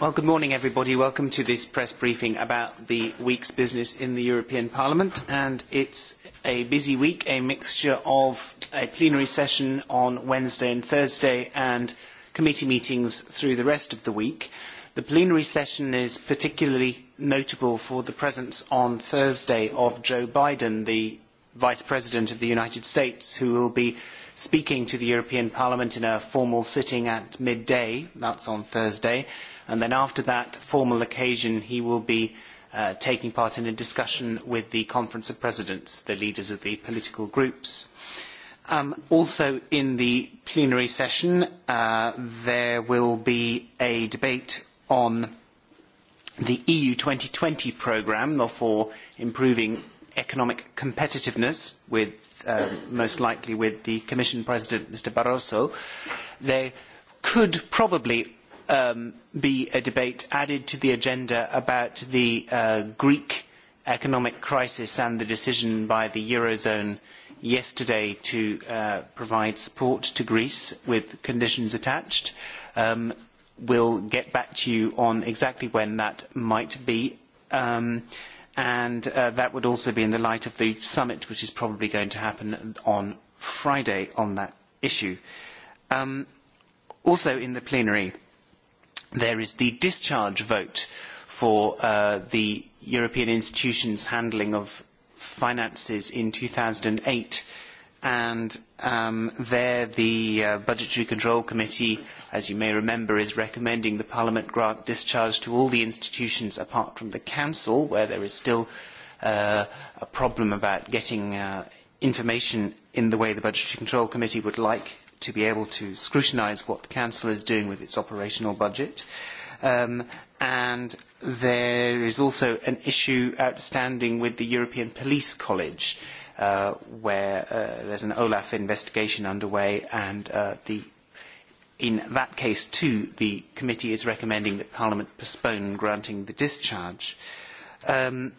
Well, good morning, everybody. Welcome to this press briefing about the week's business in the European Parliament. And it's a busy week, a mixture of a plenary session on Wednesday and Thursday and committee meetings through the rest of the week. The plenary session is particularly notable for the presence on Thursday of Joe Biden, the Vice President of the United States, who will be speaking to the European Parliament in a formal sitting at midday. That's on Thursday And then after that formal occasion, he will be uh, taking part in a discussion with the Conference of Presidents, the leaders of the political groups. Um, also in the plenary session, uh, there will be a debate on the EU 2020 programme for improving economic competitiveness with uh, most likely with the Commission President, Mr. Barroso. There could probably um, be a debate added to the agenda about the uh, Greek economic crisis and the decision by the Eurozone yesterday to uh, provide support to Greece with conditions attached. Um, we'll get back to you on exactly when that might be. Um, and uh, that would also be in the light of the summit, which is probably going to happen on Friday on that issue. Um, also in the plenary, there is the discharge vote for uh, the European institutions handling of finances in 2008 and um, there the uh, Budgetary Control Committee, as you may remember, is recommending the Parliament grant discharge to all the institutions apart from the Council, where there is still uh, a problem about getting uh, information in the way the Budgetary Control Committee would like to be able to scrutinise what the council is doing with its operational budget. Um, and there is also an issue outstanding with the European Police College, uh, where uh, there's an OLAF investigation underway, and uh, the, in that case too, the committee is recommending that Parliament postpone granting the discharge. Um,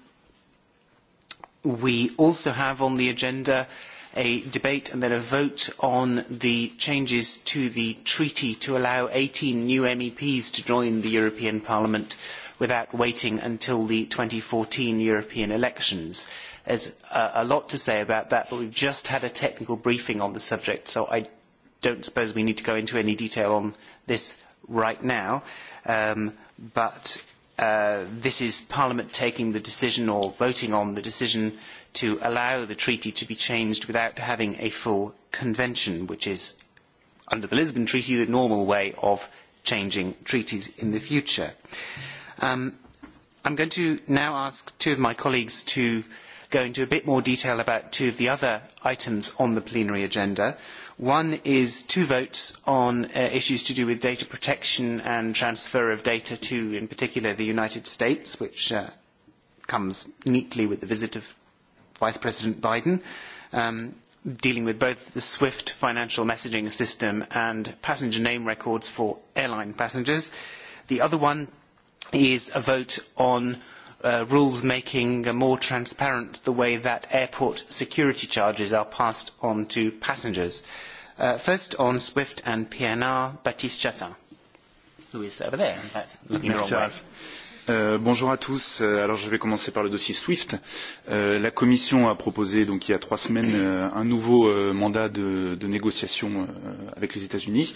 we also have on the agenda uh, a debate and then a vote on the changes to the treaty to allow 18 new MEPs to join the European Parliament without waiting until the 2014 European elections. There's a, a lot to say about that, but we've just had a technical briefing on the subject, so I don't suppose we need to go into any detail on this right now. Um, but Uh, this is Parliament taking the decision or voting on the decision to allow the treaty to be changed without having a full convention, which is, under the Lisbon Treaty, the normal way of changing treaties in the future. Um, I'm going to now ask two of my colleagues to go into a bit more detail about two of the other items on the plenary agenda. One is two votes on uh, issues to do with data protection and transfer of data to, in particular, the United States, which uh, comes neatly with the visit of Vice President Biden, um, dealing with both the SWIFT financial messaging system and passenger name records for airline passengers. The other one is a vote on uh, rules making more transparent the way that airport security charges are passed on to passengers. Uh, first on SWIFT and PNR, Baptiste Chatin, who is over there, in fact, looking Merci the wrong way. Euh, bonjour à tous. Euh, alors je vais commencer par le dossier SWIFT. Euh, la Commission a proposé donc il y a trois semaines euh, un nouveau euh, mandat de, de négociation euh, avec les États-Unis,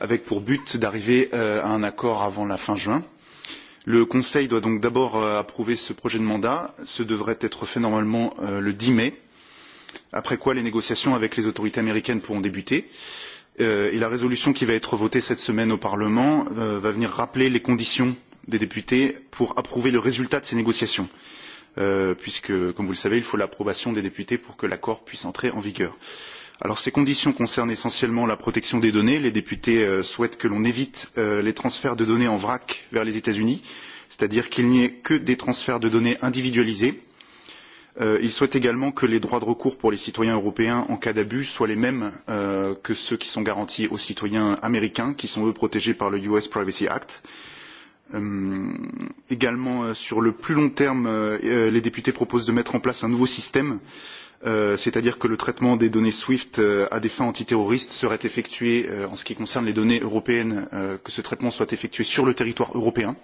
avec pour but d'arriver euh, à un accord avant la fin juin. Euh, le Conseil doit donc d'abord euh, approuver ce projet de mandat. Ce devrait être fait normalement euh, le 10 mai, après quoi les négociations avec les autorités américaines pourront débuter. Euh, et la résolution qui va être votée cette semaine au Parlement va venir rappeler les conditions des députés pour approuver le résultat de ces négociations, puisque, comme vous le savez, il faut l'approbation des députés pour que l'accord puisse entrer en vigueur. Alors ces conditions concernent essentiellement la protection des données. Les députés euh, souhaitent que l'on évite euh, les transferts de données en vrac vers les États-Unis, c'est-à-dire qu'il n'y ait que des transferts de données individualisés. Euh, ils souhaitent également que les droits de recours pour les citoyens européens en cas d'abus soient les mêmes euh, que ceux qui sont garantis aux citoyens américains, qui sont eux protégés par le US Privacy Act. Euh, également euh, sur le plus long terme, euh, euh les députés proposent de mettre en place un nouveau système euh, Euh, c'est-à-dire que le traitement des données SWIFT euh, à des fins antiterroristes serait effectué, euh, en ce qui concerne les données européennes, euh, que ce traitement soit effectué sur le territoire européen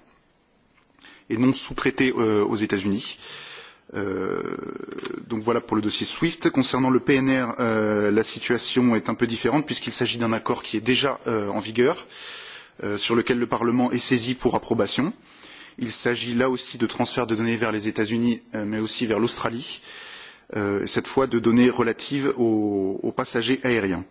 et non sous-traité euh, aux États-Unis. Euh, donc voilà pour le dossier SWIFT. Concernant le PNR, euh, la situation est un peu différente puisqu'il s'agit d'un accord qui est déjà euh, en vigueur, euh, sur lequel le Parlement est saisi pour approbation. Il s'agit là aussi de transferts de données vers les États-Unis, euh, mais aussi vers l'Australie. Euh, euh, cette fois de données relatives aux, aux passagers aériens.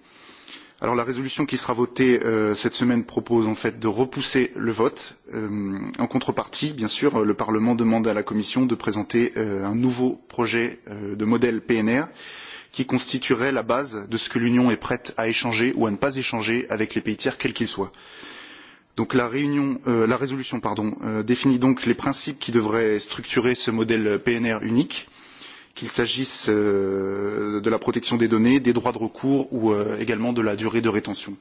Alors la résolution qui sera votée euh, cette semaine propose en fait de repousser le vote. Euh, en contrepartie, bien sûr, euh, le Parlement demande à la Commission de présenter euh, un nouveau projet euh, de modèle PNR qui constituerait la base de ce que l'Union est prête à échanger ou à ne pas échanger avec les pays tiers, quels qu'ils soient. Donc la, réunion, euh, la résolution pardon, euh, définit donc les principes qui devraient structurer ce modèle PNR unique qu'il s'agisse euh, de la protection des données, des droits de recours ou euh, également de la durée de rétention.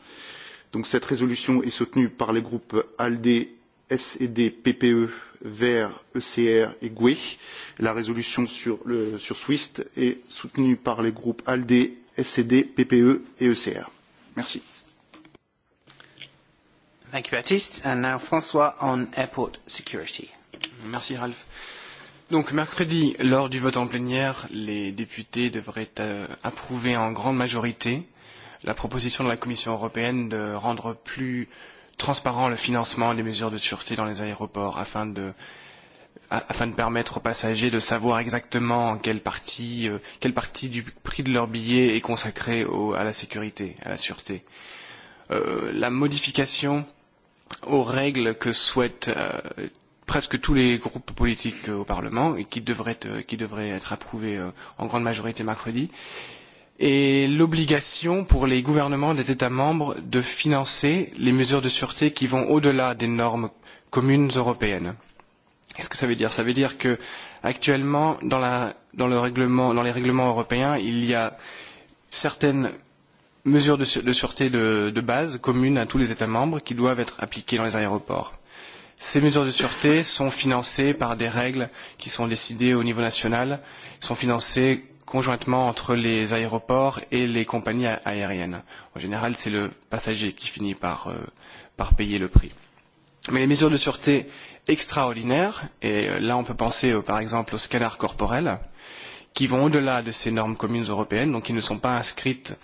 Donc cette résolution est soutenue par les groupes ALDE, SED, PPE, Vert, ECR et GUE. E e. La résolution sur, le, sur SWIFT est soutenue par les groupes ALDE, SED, PPE et ECR. E Merci. Thank you, Baptiste. And now François on airport security. Merci, Ralph. Donc mercredi, lors du vote en plénière, les députés devraient euh, approuver en grande majorité la proposition de la Commission européenne de rendre plus transparent le financement des mesures de sûreté dans les aéroports afin de, a, afin de permettre aux passagers de savoir exactement quelle partie, euh, quelle partie du prix de leur billet est consacrée au, à la sécurité, à la sûreté. Euh, la modification aux règles que souhaite euh, presque tous les groupes politiques euh, au Parlement et qui devrait, euh, qui devrait être approuvé euh, en grande majorité mercredi et l'obligation pour les gouvernements des États membres de financer les mesures de sûreté qui vont au-delà des normes communes européennes. Qu'est-ce que ça veut dire Ça veut dire que actuellement, dans, la, dans, le règlement, dans les règlements européens, il y a certaines mesures de, de sûreté de, de base communes à tous les États membres qui doivent être appliquées dans les aéroports. Ces mesures de sûreté sont financées par des règles qui sont décidées au niveau national, sont financées conjointement entre les aéroports et les compagnies aériennes. En général, c'est le passager qui finit par, euh, par payer le prix. Mais les mesures de sûreté extraordinaires, et euh, là on peut penser euh, par exemple aux scanners corporels, qui vont au-delà de ces normes communes européennes, donc qui ne sont pas inscrites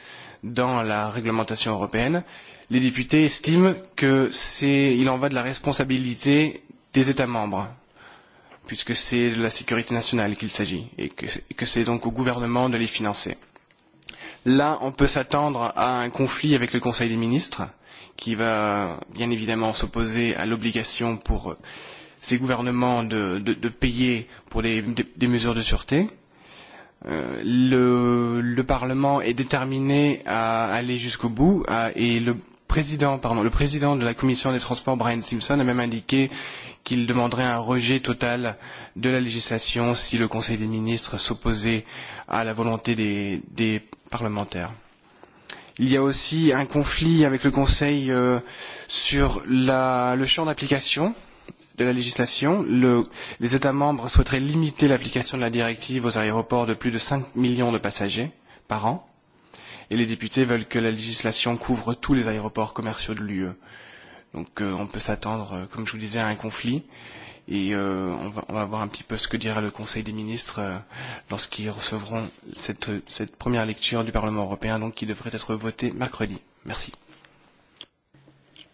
dans la réglementation européenne, les députés estiment qu'il en va de la responsabilité des États membres, puisque c'est de la sécurité nationale qu'il s'agit, et que, que c'est donc au gouvernement de les financer. Là, on peut s'attendre à un conflit avec le Conseil des ministres, qui va bien évidemment s'opposer à l'obligation pour ces gouvernements de, de, de payer pour des, des, des mesures de sûreté. Euh, le, le Parlement est déterminé à aller jusqu'au bout à, et le président, pardon, le président de la commission des transports, Brian Simpson, a même indiqué qu'il demanderait un rejet total de la législation si le Conseil des ministres s'opposait à la volonté des, des parlementaires. Il y a aussi un conflit avec le Conseil euh, sur la, le champ d'application de la législation. Le, les États membres souhaiteraient limiter l'application de la directive aux aéroports de plus de 5 millions de passagers par an et les députés veulent que la législation couvre tous les aéroports commerciaux de l'UE. Donc euh, on peut s'attendre, euh, comme je vous disais, à un conflit. Et euh, on, va, on va voir un petit peu ce que dira le Conseil des ministres euh, lorsqu'ils recevront cette, cette première lecture du Parlement européen, donc qui devrait être votée mercredi. Merci.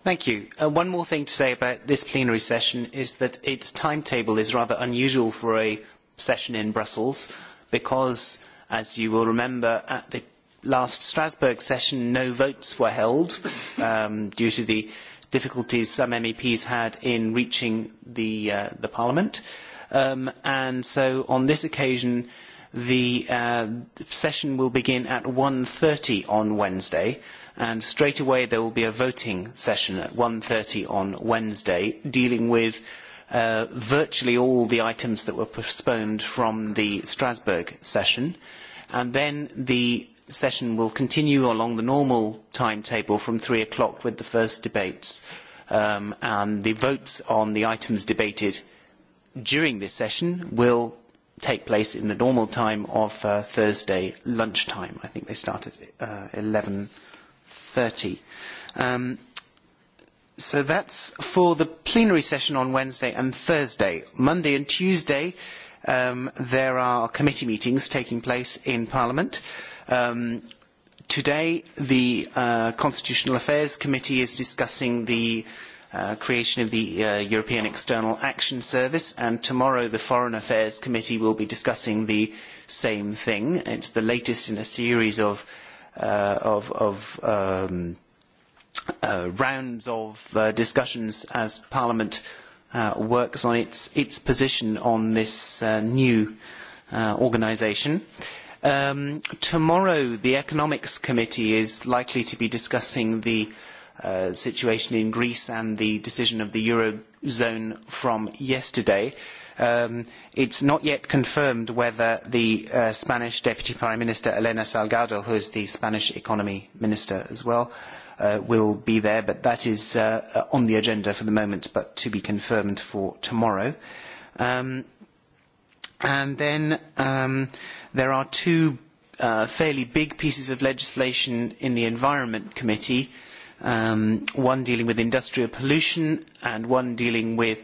Thank you. Uh, one more thing to say about this plenary session is that its timetable is rather unusual for a session in Brussels because, as you will remember, at the last Strasbourg session, no votes were held um, due to the difficulties some MEPs had in reaching the, uh, the Parliament. Um, and so on this occasion, the uh, session will begin at 1.30 on Wednesday, and straight away there will be a voting session at 1.30 on Wednesday dealing with uh, virtually all the items that were postponed from the Strasbourg session. And then the session will continue along the normal timetable from three o'clock with the first debates. Um, and the votes on the items debated during this session will take place in the normal time of uh, Thursday lunchtime. I think they start at uh, 11.30. Um, so that's for the plenary session on Wednesday and Thursday. Monday and Tuesday, um, there are committee meetings taking place in Parliament. Um, today, the uh, Constitutional Affairs Committee is discussing the uh, creation of the uh, European External Action Service, and tomorrow the Foreign Affairs Committee will be discussing the same thing. It's the latest in a series of, uh, of, of um, uh, rounds of uh, discussions as Parliament uh, works on its, its position on this uh, new uh, organisation. Uh, Um, tomorrow, the Economics Committee is likely to be discussing the uh, situation in Greece and the decision of the Eurozone from yesterday. Um, it's not yet confirmed whether the uh, Spanish Deputy Prime Minister Elena Salgado, who is the Spanish Economy Minister as well, uh, will be there, but that is uh, on the agenda for the moment, but to be confirmed for tomorrow. Um, And then um, there are two uh, fairly big pieces of legislation in the Environment Committee, um, one dealing with industrial pollution and one dealing with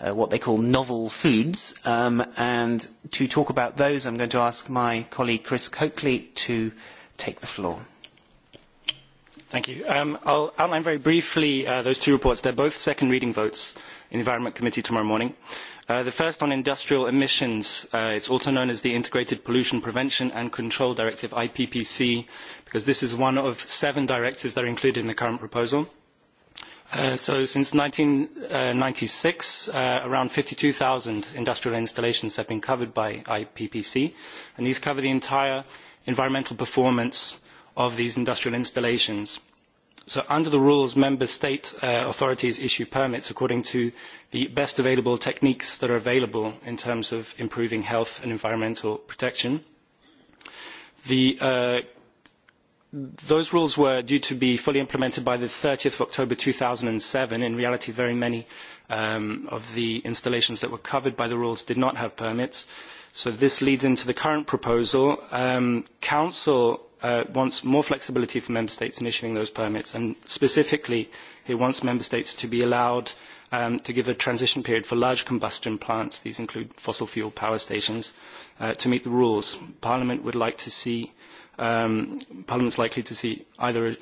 uh, what they call novel foods. Um, and to talk about those, I'm going to ask my colleague Chris Coakley to take the floor. Thank you. Um, I'll outline very briefly uh, those two reports. They're both second reading votes in the Environment Committee tomorrow morning. Uh, the first on industrial emissions. Uh, it's also known as the Integrated Pollution Prevention and Control Directive, IPPC, because this is one of seven directives that are included in the current proposal. Uh, so since 1996, uh, uh, around 52,000 industrial installations have been covered by IPPC, and these cover the entire environmental performance of these industrial installations. So under the rules, member state uh, authorities issue permits according to the best available techniques that are available in terms of improving health and environmental protection. The, uh, those rules were due to be fully implemented by the 30th of October 2007. In reality, very many um, of the installations that were covered by the rules did not have permits. So this leads into the current proposal. Um, Council uh, wants more flexibility for member states in issuing those permits, and specifically, he wants member states to be allowed um, to give a transition period for large combustion plants, these include fossil fuel power stations, uh, to meet the rules. Parliament would like to see, um, Parliament's likely to see either a, uh,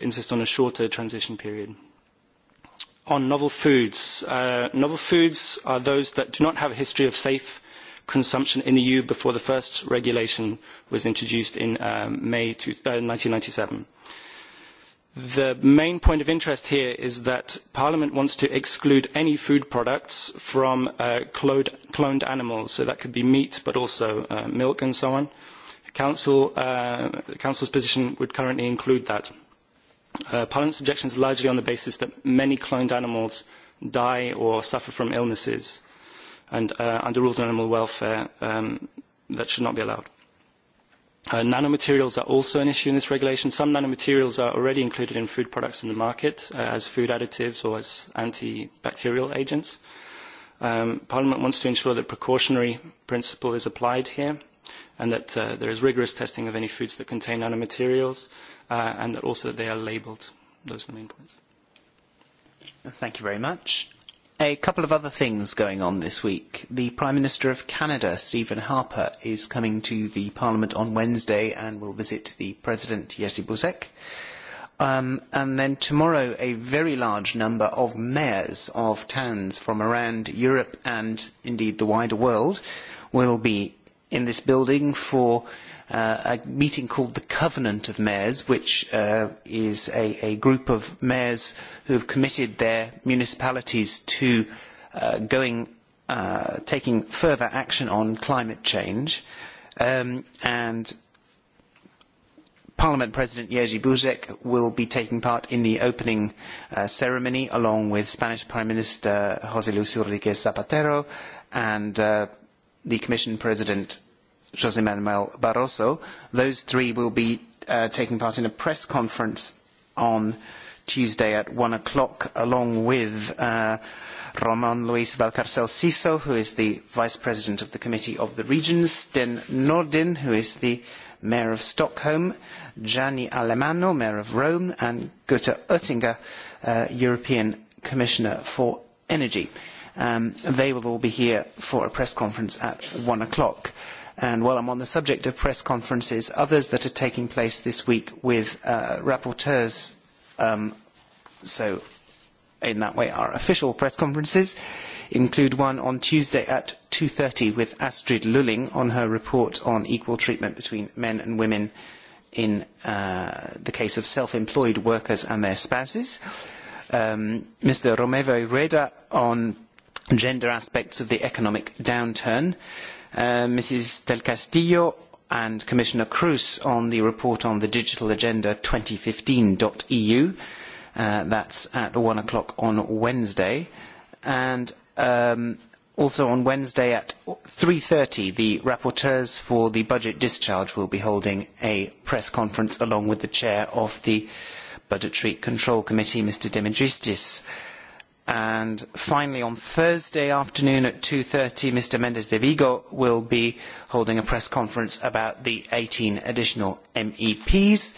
insist on a shorter transition period. On novel foods, uh, novel foods are those that do not have a history of safe consumption in the EU before the first regulation was introduced in um, May to, uh, 1997. The main point of interest here is that Parliament wants to exclude any food products from uh, cloned, cloned animals, so that could be meat but also uh, milk and so on. Council, uh, the Council's position would currently include that. Uh, Parliament's objection is largely on the basis that many cloned animals die or suffer from illnesses. Uh, and, uh, and the rules on animal welfare um, that should not be allowed. Uh, nanomaterials are also an issue in this regulation. Some nanomaterials are already included in food products in the market uh, as food additives or as antibacterial agents. Um, Parliament wants to ensure that precautionary principle is applied here and that uh, there is rigorous testing of any foods that contain nanomaterials uh, and that also they are labelled. Those are the main points. Thank you very much. A couple of other things going on this week. The Prime Minister of Canada, Stephen Harper, is coming to the Parliament on Wednesday and will visit the President, Jerzy Buzek. Um, and then tomorrow, a very large number of mayors of towns from around Europe and indeed the wider world will be in this building for uh, a meeting called the Covenant of Mayors, which uh, is a, a group of mayors who have committed their municipalities to uh, going, uh, taking further action on climate change. Um, and Parliament President Jerzy Buzek will be taking part in the opening uh, ceremony along with Spanish Prime Minister José Luis Rodríguez Zapatero and uh, the Commission President José Manuel Barroso. Those three will be uh, taking part in a press conference on Tuesday at one o'clock, along with uh, Roman Luis Valcarcel Siso, who is the Vice President of the Committee of the Regions, Den Nordin, who is the Mayor of Stockholm, Gianni Alemano, Mayor of Rome, and Guter Oettinger, uh, European Commissioner for Energy. Um, they will all be here for a press conference at one o'clock. And while I'm on the subject of press conferences, others that are taking place this week with uh, rapporteurs, um, so in that way our official press conferences, include one on Tuesday at 2.30 with Astrid Lulling on her report on equal treatment between men and women in uh, the case of self-employed workers and their spouses. Um, Mr. Romevo Reda on gender aspects of the economic downturn. Uh, Uh, Mrs. Del Castillo and Commissioner Cruz on the report on the Digital Agenda 2015.eu. E uh, that's at one o'clock on Wednesday. And um, also on Wednesday at 3.30, the rapporteurs for the budget discharge will be holding a press conference along with the chair of the Budgetary Control Committee, Mr. Demetristis. Uh, And finally, on Thursday afternoon at 2.30, Mr. Mendes de Vigo will be holding a press conference about the 18 additional MEPs.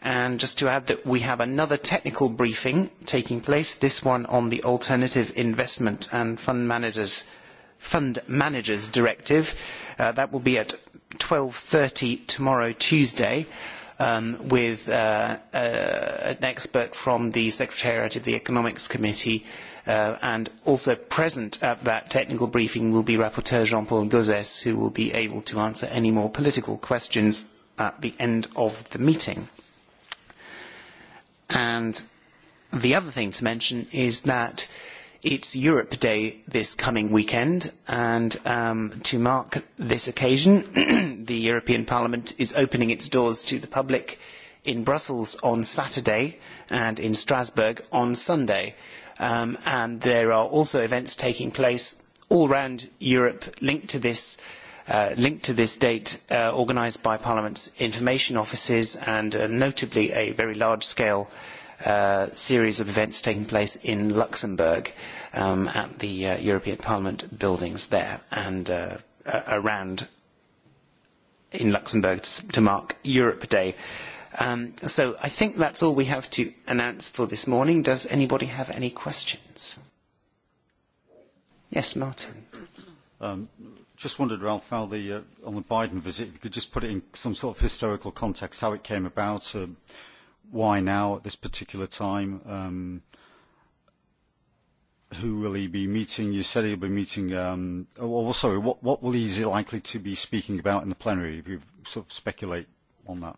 And just to add that we have another technical briefing taking place, this one on the Alternative Investment and Fund Managers, Fund Managers Directive. Uh, that will be at 12.30 tomorrow, Tuesday um, with uh, uh, an expert from the Secretariat of the Economics Committee uh, and also present at that technical briefing will be Rapporteur Jean-Paul Gauzès who will be able to answer any more political questions at the end of the meeting. And the other thing to mention is that uh, It's Europe Day this coming weekend, and um, to mark this occasion, the European Parliament is opening its doors to the public in Brussels on Saturday and in Strasbourg on Sunday. Um, and there are also events taking place all around Europe linked to this uh, linked to this date uh, organised by Parliament's information offices and uh, notably a very large scale Uh, series of events taking place in Luxembourg um, at the uh, European Parliament buildings there and uh, around in Luxembourg to, mark Europe Day. Um, so I think that's all we have to announce for this morning. Does anybody have any questions? Yes, Martin. Um, just wondered, Ralph, how the, uh, on the Biden visit, if you could just put it in some sort of historical context, how it came about. Uh, why now at this particular time? Um, who will he be meeting? You said he'll be meeting. Um, oh, sorry, what, what will he likely to be speaking about in the plenary? If you sort of speculate on that.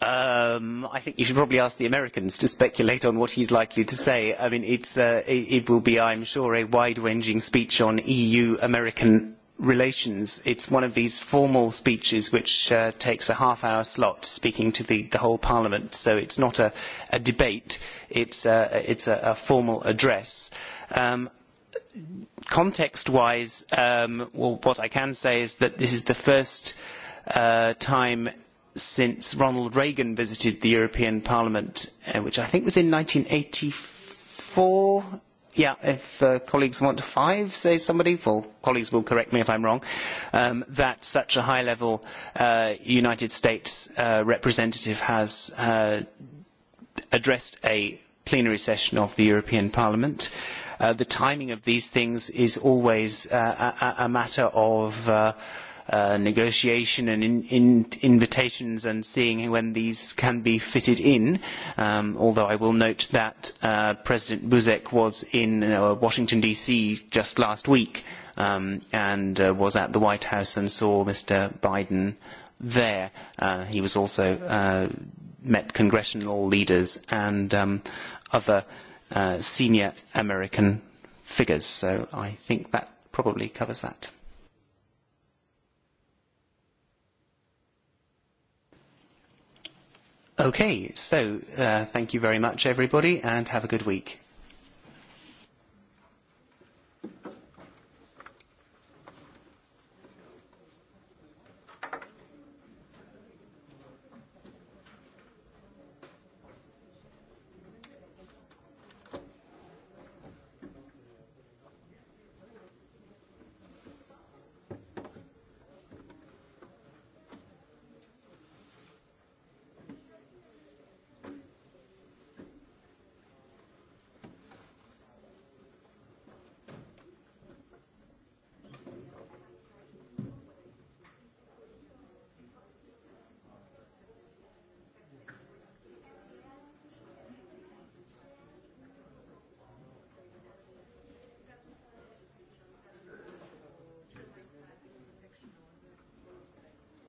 Um, I think you should probably ask the Americans to speculate on what he's likely to say. I mean, it's, uh, it, it will be, I'm sure, a wide-ranging speech on EU-American relations. It's one of these formal speeches which uh, takes a half hour slot speaking to the, the whole parliament. So it's not a, a debate, it's a, it's a, a formal address. Um, context wise, um, well, what I can say is that this is the first uh, time since Ronald Reagan visited the European Parliament, uh, which I think was in 1984 yeah, if uh, colleagues want five, say somebody, well, colleagues will correct me if I'm wrong, um, that such a high-level uh, United States uh, representative has uh, addressed a plenary session of the European Parliament. Uh, the timing of these things is always uh, a, a matter of uh, Uh, negotiation and in, in invitations and seeing when these can be fitted in. Um, although I will note that uh, President Buzek was in uh, Washington DC just last week um, and uh, was at the White House and saw Mr. Biden there. Uh, he was also uh, met congressional leaders and um, other uh, senior American figures. So I think that probably covers that. Okay, so uh, thank you very much, everybody, and have a good week.